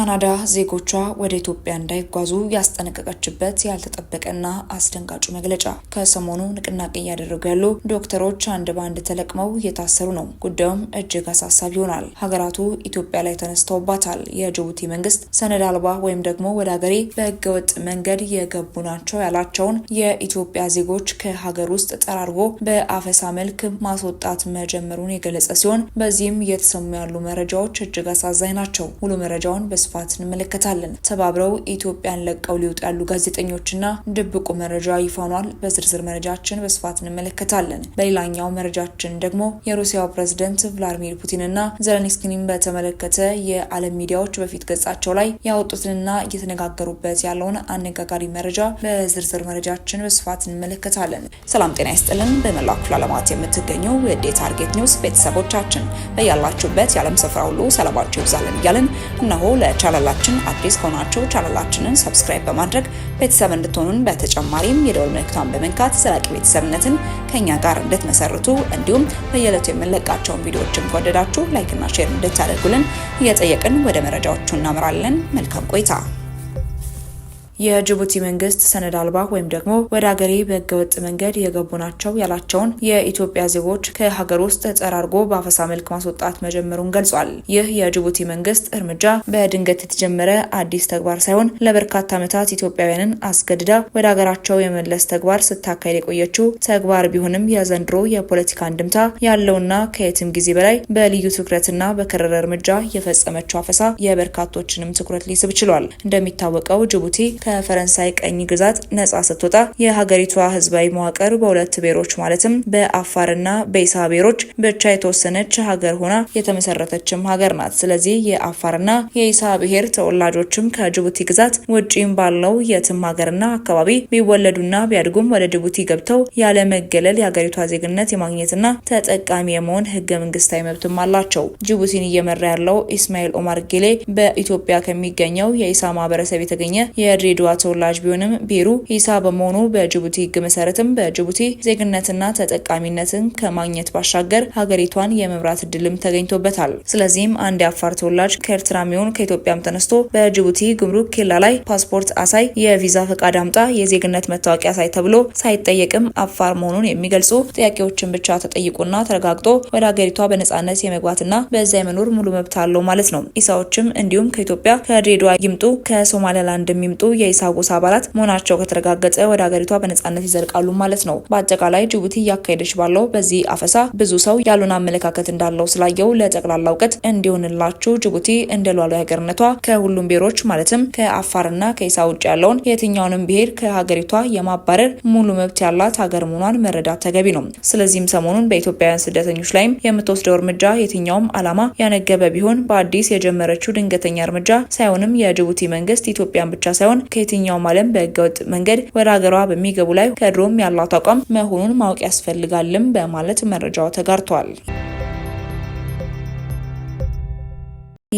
ካናዳ ዜጎቿ ወደ ኢትዮጵያ እንዳይጓዙ ያስጠነቀቀችበት ያልተጠበቀና አስደንጋጩ መግለጫ። ከሰሞኑ ንቅናቄ እያደረጉ ያሉ ዶክተሮች አንድ በአንድ ተለቅመው እየታሰሩ ነው። ጉዳዩም እጅግ አሳሳቢ ይሆናል። ሀገራቱ ኢትዮጵያ ላይ ተነስተውባታል። የጅቡቲ መንግስት ሰነድ አልባ ወይም ደግሞ ወደ ሀገሬ በህገወጥ መንገድ የገቡ ናቸው ያላቸውን የኢትዮጵያ ዜጎች ከሀገር ውስጥ ጠራርጎ በአፈሳ መልክ ማስወጣት መጀመሩን የገለጸ ሲሆን በዚህም እየተሰሙ ያሉ መረጃዎች እጅግ አሳዛኝ ናቸው። ሙሉ መረጃውን በስ በስፋት እንመለከታለን። ተባብረው ኢትዮጵያን ለቀው ሊወጡ ያሉ ጋዜጠኞችና ድብቁ መረጃ ይፋኗል። በዝርዝር መረጃችን በስፋት እንመለከታለን። በሌላኛው መረጃችን ደግሞ የሩሲያው ፕሬዝደንት ቭላድሚር ፑቲንና ዘለንስኪንም በተመለከተ የዓለም ሚዲያዎች በፊት ገጻቸው ላይ ያወጡትንና እየተነጋገሩበት ያለውን አነጋጋሪ መረጃ በዝርዝር መረጃችን በስፋት እንመለከታለን። ሰላም ጤና ይስጥልን። በመላው ክፍለ ዓለማት የምትገኙ የዴ ታርጌት ኒውስ ቤተሰቦቻችን በያላችሁበት የዓለም ስፍራ ሁሉ ሰላማችሁ ይብዛልን እያልን እነሆ ለቻናላችን አዲስ ከሆናችሁ ቻናላችንን ሰብስክራይብ በማድረግ ቤተሰብ እንድትሆኑን በተጨማሪም የደወል ምልክቷን በመንካት ዘላቂ ቤተሰብነትን ከኛ ጋር እንድትመሰርቱ እንዲሁም በየዕለቱ የምንለቃቸውን ቪዲዮዎችን ከወደዳችሁ ላይክና ሼር እንድታደርጉልን እየጠየቅን ወደ መረጃዎቹ እናምራለን። መልካም ቆይታ የጅቡቲ መንግስት ሰነድ አልባ ወይም ደግሞ ወደ ሀገሬ በህገወጥ መንገድ የገቡ ናቸው ያላቸውን የኢትዮጵያ ዜጎች ከሀገር ውስጥ ጸረ በአፈሳ መልክ ማስወጣት መጀመሩን ገልጿል። ይህ የጅቡቲ መንግስት እርምጃ በድንገት የተጀመረ አዲስ ተግባር ሳይሆን ለበርካታ ዓመታት ኢትዮጵያውያንን አስገድዳ ወደ ሀገራቸው የመለስ ተግባር ስታካሄድ የቆየችው ተግባር ቢሆንም የዘንድሮ የፖለቲካ አንድምታ ያለውና ከየትም ጊዜ በላይ በልዩ ትኩረትና በከረረ እርምጃ የፈጸመችው አፈሳ የበርካቶችንም ትኩረት ሊስብ ችሏል። እንደሚታወቀው ጅቡቲ ከፈረንሳይ ቀኝ ግዛት ነጻ ስትወጣ የሀገሪቷ ህዝባዊ መዋቅር በሁለት ብሔሮች ማለትም በአፋርና በኢሳ ብሔሮች ብቻ የተወሰነች ሀገር ሆና የተመሰረተችም ሀገር ናት። ስለዚህ የአፋርና የኢሳ ብሔር ተወላጆችም ከጅቡቲ ግዛት ውጪም ባለው የትም ሀገርና አካባቢ ቢወለዱና ቢያድጉም ወደ ጅቡቲ ገብተው ያለመገለል የሀገሪቷ ዜግነት የማግኘትና ተጠቃሚ የመሆን ህገ መንግስታዊ መብትም አላቸው። ጅቡቲን እየመራ ያለው ኢስማኤል ኦማር ጌሌ በኢትዮጵያ ከሚገኘው የኢሳ ማህበረሰብ የተገኘ የድሬ የድዋ ተወላጅ ቢሆንም ቢሩ ሂሳ በመሆኑ በጅቡቲ ህግ መሰረትም በጅቡቲ ዜግነትና ተጠቃሚነትን ከማግኘት ባሻገር ሀገሪቷን የመምራት እድልም ተገኝቶበታል። ስለዚህም አንድ የአፋር ተወላጅ ከኤርትራ የሚሆን ከኢትዮጵያም ተነስቶ በጅቡቲ ጉምሩክ ኬላ ላይ ፓስፖርት አሳይ፣ የቪዛ ፈቃድ አምጣ፣ የዜግነት መታወቂያ አሳይ ተብሎ ሳይጠየቅም አፋር መሆኑን የሚገልጹ ጥያቄዎችን ብቻ ተጠይቆና ተረጋግጦ ወደ ሀገሪቷ በነጻነት የመግባትና በዛ የመኖር ሙሉ መብት አለው ማለት ነው። ኢሳዎችም እንዲሁም ከኢትዮጵያ ከድሬዳዋ ይምጡ ከሶማሌላንድ የሚምጡ የኢሳጎስ አባላት መሆናቸው ከተረጋገጠ ወደ ሀገሪቷ በነጻነት ይዘልቃሉ ማለት ነው። በአጠቃላይ ጅቡቲ እያካሄደች ባለው በዚህ አፈሳ ብዙ ሰው ያሉን አመለካከት እንዳለው ስላየው ለጠቅላላ እውቀት እንዲሆንላችሁ ጅቡቲ እንደ ሀገርነቷ ከሁሉም ብሔሮች ማለትም ከአፋርና ከኢሳ ውጭ ያለውን የትኛውንም ብሔር ከሀገሪቷ የማባረር ሙሉ መብት ያላት ሀገር መሆኗን መረዳት ተገቢ ነው። ስለዚህም ሰሞኑን በኢትዮጵያውያን ስደተኞች ላይም የምትወስደው እርምጃ የትኛውም ዓላማ ያነገበ ቢሆን በአዲስ የጀመረችው ድንገተኛ እርምጃ ሳይሆንም የጅቡቲ መንግስት ኢትዮጵያን ብቻ ሳይሆን ከየትኛውም ዓለም በህገወጥ መንገድ ወደ ሀገሯ በሚገቡ ላይ ከድሮም ያላት አቋም መሆኑን ማወቅ ያስፈልጋልም በማለት መረጃው ተጋርቷል።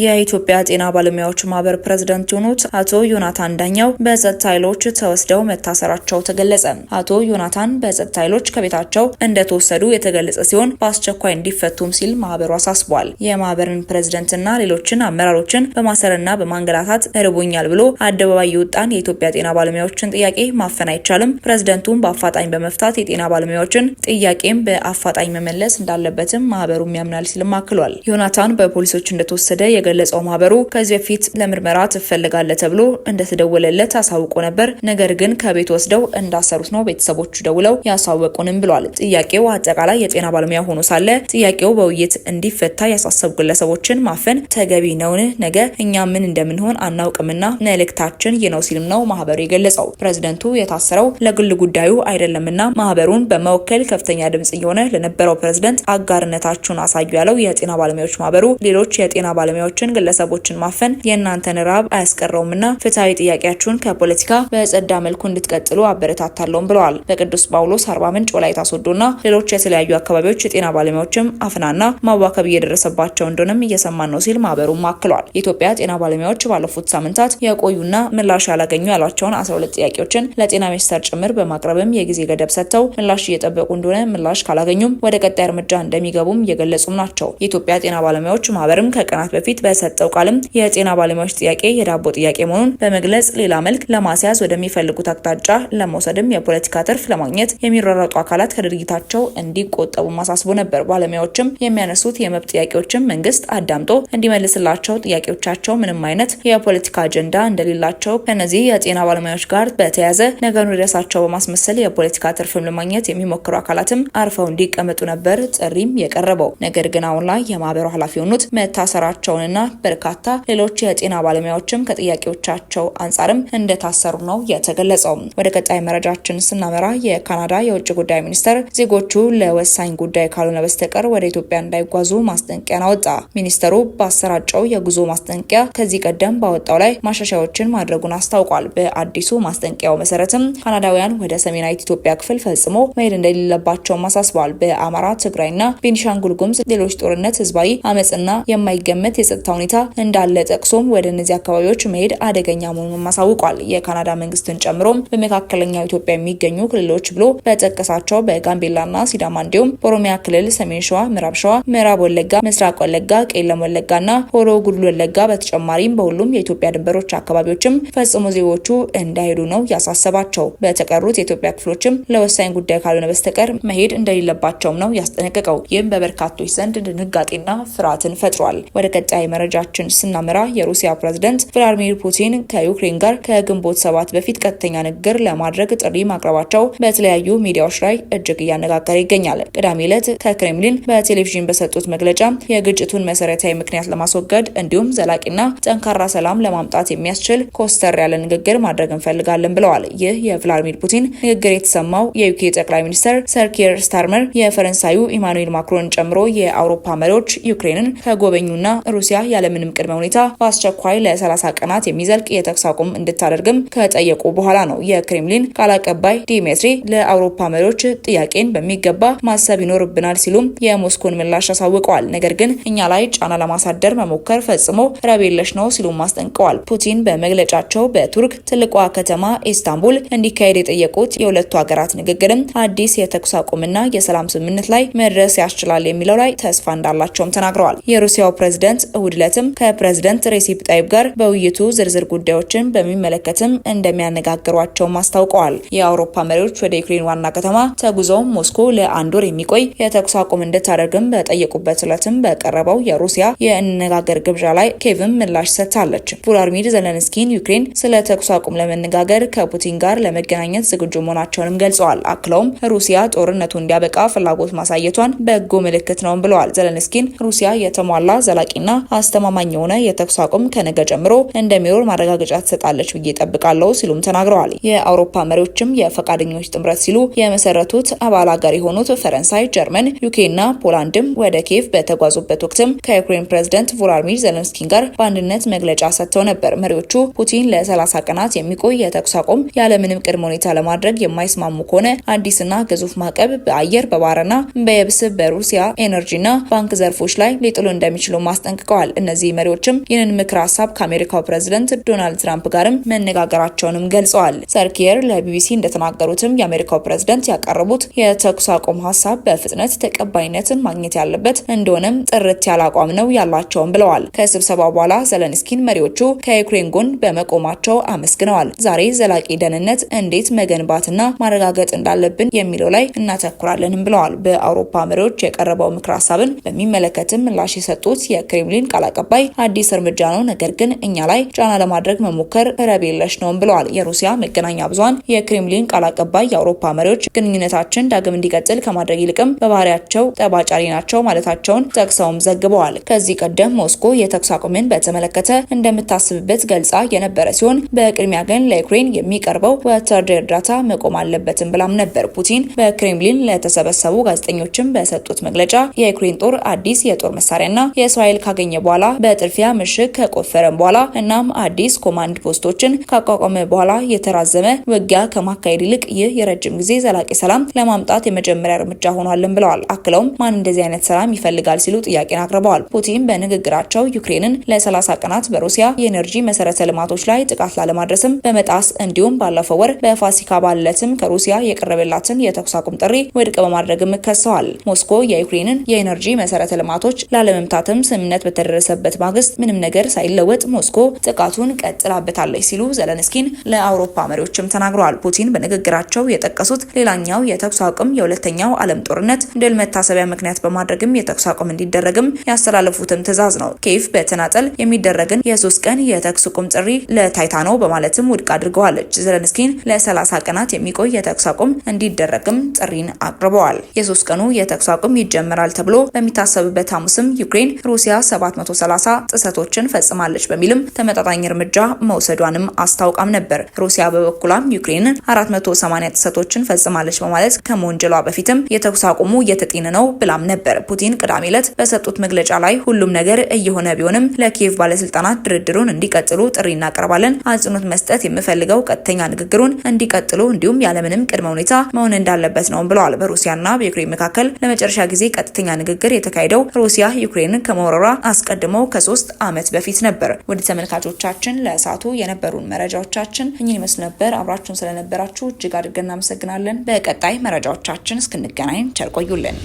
የኢትዮጵያ ጤና ባለሙያዎች ማህበር ፕሬዝዳንት የሆኑት አቶ ዮናታን ዳኛው በጸጥታ ኃይሎች ተወስደው መታሰራቸው ተገለጸ። አቶ ዮናታን በጸጥታ ኃይሎች ከቤታቸው እንደተወሰዱ የተገለጸ ሲሆን በአስቸኳይ እንዲፈቱም ሲል ማህበሩ አሳስቧል። የማህበርን ፕሬዝደንትና ሌሎችን አመራሮችን በማሰርና በማንገላታት እርቦኛል ብሎ አደባባይ የወጣን የኢትዮጵያ ጤና ባለሙያዎችን ጥያቄ ማፈን አይቻልም። ፕሬዝደንቱም በአፋጣኝ በመፍታት የጤና ባለሙያዎችን ጥያቄም በአፋጣኝ መመለስ እንዳለበትም ማህበሩም ያምናል ሲልም አክሏል። ዮናታን በፖሊሶች እንደተወሰደ የገለጸው ማህበሩ ከዚህ በፊት ለምርመራ ትፈልጋለህ ተብሎ እንደተደወለለት አሳውቆ ነበር። ነገር ግን ከቤት ወስደው እንዳሰሩት ነው ቤተሰቦቹ ደውለው ያሳወቁንም ብሏል። ጥያቄው አጠቃላይ የጤና ባለሙያ ሆኖ ሳለ ጥያቄው በውይይት እንዲፈታ ያሳሰቡ ግለሰቦችን ማፈን ተገቢ ነውን? ነገ እኛ ምን እንደምንሆን አናውቅምና መልእክታችን ይህ ነው ሲልም ነው ማህበሩ የገለጸው። ፕሬዝደንቱ የታሰረው ለግል ጉዳዩ አይደለምና ማህበሩን በመወከል ከፍተኛ ድምጽ እየሆነ ለነበረው ፕሬዝደንት አጋርነታችሁን አሳዩ ያለው የጤና ባለሙያዎች ማህበሩ ሌሎች የጤና ባለሙያዎች ሰዎችን፣ ግለሰቦችን ማፈን የእናንተን ራብ አያስቀረውምና ፍትሐዊ ጥያቄያችሁን ከፖለቲካ በጸዳ መልኩ እንድትቀጥሉ አበረታታለሁም ብለዋል። በቅዱስ ጳውሎስ፣ አርባ ምንጭ፣ ወላይታ ሶዶና ሌሎች የተለያዩ አካባቢዎች የጤና ባለሙያዎችም አፍናና ማዋከብ እየደረሰባቸው እንደሆነም እየሰማን ነው ሲል ማህበሩም አክሏል። የኢትዮጵያ ጤና ባለሙያዎች ባለፉት ሳምንታት የቆዩና ምላሽ ያላገኙ ያሏቸውን 12 ጥያቄዎችን ለጤና ሚኒስቴር ጭምር በማቅረብም የጊዜ ገደብ ሰጥተው ምላሽ እየጠበቁ እንደሆነ ምላሽ ካላገኙም ወደ ቀጣይ እርምጃ እንደሚገቡም እየገለጹም ናቸው። የኢትዮጵያ ጤና ባለሙያዎች ማህበርም ከቀናት በፊት በሰጠው ቃልም የጤና ባለሙያዎች ጥያቄ የዳቦ ጥያቄ መሆኑን በመግለጽ ሌላ መልክ ለማስያዝ ወደሚፈልጉት አቅጣጫ ለመውሰድም የፖለቲካ ትርፍ ለማግኘት የሚሯሯጡ አካላት ከድርጊታቸው እንዲቆጠቡ ማሳስቦ ነበር። ባለሙያዎችም የሚያነሱት የመብት ጥያቄዎችም መንግስት አዳምጦ እንዲመልስላቸው ጥያቄዎቻቸው ምንም አይነት የፖለቲካ አጀንዳ እንደሌላቸው ከነዚህ የጤና ባለሙያዎች ጋር በተያያዘ ነገኑ ርዕሳቸው በማስመሰል የፖለቲካ ትርፍም ለማግኘት የሚሞክሩ አካላትም አርፈው እንዲቀመጡ ነበር ጥሪም የቀረበው። ነገር ግን አሁን ላይ የማህበሩ ኃላፊ የሆኑት መታሰራቸውን እና በርካታ ሌሎች የጤና ባለሙያዎችም ከጥያቄዎቻቸው አንጻርም እንደታሰሩ ነው የተገለጸው። ወደ ቀጣይ መረጃችን ስናመራ የካናዳ የውጭ ጉዳይ ሚኒስተር ዜጎቹ ለወሳኝ ጉዳይ ካልሆነ በስተቀር ወደ ኢትዮጵያ እንዳይጓዙ ማስጠንቀቂያን አወጣ። ሚኒስተሩ ባሰራጨው የጉዞ ማስጠንቀቂያ ከዚህ ቀደም ባወጣው ላይ ማሻሻያዎችን ማድረጉን አስታውቋል። በአዲሱ ማስጠንቀቂያው መሰረትም ካናዳውያን ወደ ሰሜናዊት ኢትዮጵያ ክፍል ፈጽሞ መሄድ እንደሌለባቸውም አሳስበዋል። በአማራ ትግራይና ቤኒሻንጉል ጉምዝ ሌሎች ጦርነት፣ ህዝባዊ አመፅና የማይገመት የጸጥ የጸጥታ ሁኔታ እንዳለ ጠቅሶም ወደ እነዚህ አካባቢዎች መሄድ አደገኛ መሆኑን ማሳውቋል። የካናዳ መንግስትን ጨምሮም በመካከለኛው ኢትዮጵያ የሚገኙ ክልሎች ብሎ በጠቀሳቸው በጋምቤላና ሲዳማ እንዲሁም በኦሮሚያ ክልል ሰሜን ሸዋ፣ ምዕራብ ሸዋ፣ ምዕራብ ወለጋ፣ ምስራቅ ወለጋ፣ ቄለም ወለጋና ሆሮ ጉዱል ወለጋ በተጨማሪም በሁሉም የኢትዮጵያ ድንበሮች አካባቢዎችም ፈጽሞ ዜጎቹ እንዳይሄዱ ነው ያሳሰባቸው። በተቀሩት የኢትዮጵያ ክፍሎችም ለወሳኝ ጉዳይ ካልሆነ በስተቀር መሄድ እንደሌለባቸውም ነው ያስጠነቅቀው። ይህም በበርካቶች ዘንድ ድንጋጤና ፍርሃትን ፈጥሯል። ወደ ቀጣይ መረጃችን ስናመራ የሩሲያ ፕሬዝደንት ቭላዲሚር ፑቲን ከዩክሬን ጋር ከግንቦት ሰባት በፊት ቀጥተኛ ንግግር ለማድረግ ጥሪ ማቅረባቸው በተለያዩ ሚዲያዎች ላይ እጅግ እያነጋገረ ይገኛል። ቅዳሜ ዕለት ከክሬምሊን በቴሌቪዥን በሰጡት መግለጫ የግጭቱን መሰረታዊ ምክንያት ለማስወገድ እንዲሁም ዘላቂና ጠንካራ ሰላም ለማምጣት የሚያስችል ኮስተር ያለ ንግግር ማድረግ እንፈልጋለን ብለዋል። ይህ የቭላዲሚር ፑቲን ንግግር የተሰማው የዩኬ ጠቅላይ ሚኒስትር ሰር ኪር ስታርመር የፈረንሳዩ ኢማኑኤል ማክሮን ጨምሮ የአውሮፓ መሪዎች ዩክሬንን ከጎበኙና ሩሲያ ሩሲያ ያለምንም ቅድመ ሁኔታ በአስቸኳይ ለ30 ቀናት የሚዘልቅ የተኩስ አቁም እንድታደርግም ከጠየቁ በኋላ ነው። የክሬምሊን ቃል አቀባይ ዲሜትሪ ለአውሮፓ መሪዎች ጥያቄን በሚገባ ማሰብ ይኖርብናል ሲሉም የሞስኮን ምላሽ አሳውቀዋል። ነገር ግን እኛ ላይ ጫና ለማሳደር መሞከር ፈጽሞ ረብ የለሽ ነው ሲሉም አስጠንቀዋል። ፑቲን በመግለጫቸው በቱርክ ትልቋ ከተማ ኢስታንቡል እንዲካሄድ የጠየቁት የሁለቱ ሀገራት ንግግርም አዲስ የተኩስ አቁምና የሰላም ስምምነት ላይ መድረስ ያስችላል የሚለው ላይ ተስፋ እንዳላቸውም ተናግረዋል። የሩሲያው ፕሬዝደንት እሁድ ዕለትም ከፕሬዝደንት ሬሲፕ ጣይብ ጋር በውይይቱ ዝርዝር ጉዳዮችን በሚመለከትም እንደሚያነጋግሯቸውም አስታውቀዋል። የአውሮፓ መሪዎች ወደ ዩክሬን ዋና ከተማ ተጉዘው ሞስኮ ለአንድ ወር የሚቆይ የተኩስ አቁም እንድታደርግም በጠየቁበት ዕለትም በቀረበው የሩሲያ የእንነጋገር ግብዣ ላይ ኬቭም ምላሽ ሰጥታለች። ቮሎዲሚር ዘለንስኪን ዩክሬን ስለ ተኩስ አቁም ለመነጋገር ከፑቲን ጋር ለመገናኘት ዝግጁ መሆናቸውንም ገልጸዋል። አክለውም ሩሲያ ጦርነቱ እንዲያበቃ ፍላጎት ማሳየቷን በጎ ምልክት ነው ብለዋል። ዘለንስኪን ሩሲያ የተሟላ ዘላቂና አስተማማኝ የሆነ የተኩስ አቁም ከነገ ጀምሮ እንደሚኖር ማረጋገጫ ትሰጣለች ብዬ ጠብቃለሁ ሲሉም ተናግረዋል። የአውሮፓ መሪዎችም የፈቃደኞች ጥምረት ሲሉ የመሰረቱት አባል ሀገር የሆኑት ፈረንሳይ፣ ጀርመን፣ ዩኬና ፖላንድም ወደ ኬቭ በተጓዙበት ወቅትም ከዩክሬን ፕሬዝደንት ቮሎዲሚር ዘለንስኪን ጋር በአንድነት መግለጫ ሰጥተው ነበር። መሪዎቹ ፑቲን ለ30 ቀናት የሚቆይ የተኩስ አቁም ያለምንም ቅድመ ሁኔታ ለማድረግ የማይስማሙ ከሆነ አዲስና ግዙፍ ማዕቀብ በአየር በባህርና በየብስ በሩሲያ ኤነርጂና ባንክ ዘርፎች ላይ ሊጥሉ እንደሚችሉ ማስጠንቅቀዋል። ተናግረዋል። እነዚህ መሪዎችም ይህንን ምክር ሀሳብ ከአሜሪካው ፕሬዝደንት ዶናልድ ትራምፕ ጋርም መነጋገራቸውንም ገልጸዋል። ሰርኪየር ለቢቢሲ እንደተናገሩትም የአሜሪካው ፕሬዝደንት ያቀረቡት የተኩስ አቁም ሀሳብ በፍጥነት ተቀባይነትን ማግኘት ያለበት እንደሆነም ጥርት ያለ አቋም ነው ያላቸውም ብለዋል። ከስብሰባው በኋላ ዘለንስኪን መሪዎቹ ከዩክሬን ጎን በመቆማቸው አመስግነዋል። ዛሬ ዘላቂ ደህንነት እንዴት መገንባትና ማረጋገጥ እንዳለብን የሚለው ላይ እናተኩራለንም ብለዋል። በአውሮፓ መሪዎች የቀረበው ምክር ሀሳብን በሚመለከትም ምላሽ የሰጡት የክሬምሊን ቃል አቀባይ አዲስ እርምጃ ነው፣ ነገር ግን እኛ ላይ ጫና ለማድረግ መሞከር ረብ የለሽ ነውም ብለዋል። የሩሲያ መገናኛ ብዙኃን የክሬምሊን ቃል አቀባይ የአውሮፓ መሪዎች ግንኙነታችን ዳግም እንዲቀጥል ከማድረግ ይልቅም በባህሪያቸው ጠባጫሪ ናቸው ማለታቸውን ጠቅሰውም ዘግበዋል። ከዚህ ቀደም ሞስኮ የተኩስ አቁምን በተመለከተ እንደምታስብበት ገልጻ የነበረ ሲሆን በቅድሚያ ግን ለዩክሬን የሚቀርበው ወታደራዊ እርዳታ መቆም አለበትም ብላም ነበር። ፑቲን በክሬምሊን ለተሰበሰቡ ጋዜጠኞችም በሰጡት መግለጫ የዩክሬን ጦር አዲስ የጦር መሳሪያና የእስራኤል ካገኘ በኋላ በጥልፊያ ምሽግ ከቆፈረም በኋላ እናም አዲስ ኮማንድ ፖስቶችን ካቋቋመ በኋላ የተራዘመ ውጊያ ከማካሄድ ይልቅ ይህ የረጅም ጊዜ ዘላቂ ሰላም ለማምጣት የመጀመሪያ እርምጃ ሆኗልን ብለዋል። አክለውም ማን እንደዚህ አይነት ሰላም ይፈልጋል ሲሉ ጥያቄን አቅርበዋል። ፑቲን በንግግራቸው ዩክሬንን ለ30 ቀናት በሩሲያ የኤነርጂ መሰረተ ልማቶች ላይ ጥቃት ላለማድረስም በመጣስ እንዲሁም ባለፈው ወር በፋሲካ ባለትም ከሩሲያ የቀረበላትን የተኩስ አቁም ጥሪ ውድቅ በማድረግም ከሰዋል። ሞስኮ የዩክሬንን የኤነርጂ መሰረተ ልማቶች ላለመምታትም ስምምነት በተደረገ በደረሰበት ማግስት ምንም ነገር ሳይለወጥ ሞስኮ ጥቃቱን ቀጥላበታለች ሲሉ ዘለንስኪን ለአውሮፓ መሪዎችም ተናግረዋል። ፑቲን በንግግራቸው የጠቀሱት ሌላኛው የተኩስ አቁም የሁለተኛው ዓለም ጦርነት ድል መታሰቢያ ምክንያት በማድረግም የተኩስ አቁም እንዲደረግም ያስተላለፉትም ትዕዛዝ ነው። ኬይፍ በተናጠል የሚደረግን የሶስት ቀን የተኩስ አቁም ጥሪ ለታይታ ነው በማለትም ውድቅ አድርገዋለች። ዘለንስኪን ለ30 ቀናት የሚቆይ የተኩስ አቁም እንዲደረግም ጥሪን አቅርበዋል። የሶስት ቀኑ የተኩስ አቁም ይጀምራል ተብሎ በሚታሰብበት ሐሙስም ዩክሬን ሩሲያ ሰባት 230 ጥሰቶችን ፈጽማለች በሚልም ተመጣጣኝ እርምጃ መውሰዷንም አስታውቃም ነበር። ሩሲያ በበኩሏም ዩክሬን 480 ጥሰቶችን ፈጽማለች በማለት ከመወንጀሏ በፊትም የተኩስ አቁሙ እየተጤነ ነው ብላም ነበር። ፑቲን ቅዳሜ ዕለት በሰጡት መግለጫ ላይ ሁሉም ነገር እየሆነ ቢሆንም ለኪየቭ ባለስልጣናት ድርድሩን እንዲቀጥሉ ጥሪ እናቀርባለን። አጽንኦት መስጠት የምፈልገው ቀጥተኛ ንግግሩን እንዲቀጥሉ እንዲሁም ያለምንም ቅድመ ሁኔታ መሆን እንዳለበት ነው ብለዋል። በሩሲያና በዩክሬን መካከል ለመጨረሻ ጊዜ ቀጥተኛ ንግግር የተካሄደው ሩሲያ ዩክሬንን ከመውረሯ አስቀ አስቀድሞ ከሶስት ዓመት በፊት ነበር። ወደ ተመልካቾቻችን ለእሳቱ የነበሩን መረጃዎቻችን እኚህን ይመስሉ ነበር። አብራችሁን ስለነበራችሁ እጅግ አድርገን እናመሰግናለን። በቀጣይ መረጃዎቻችን እስክንገናኝ ቸር ቆዩልን።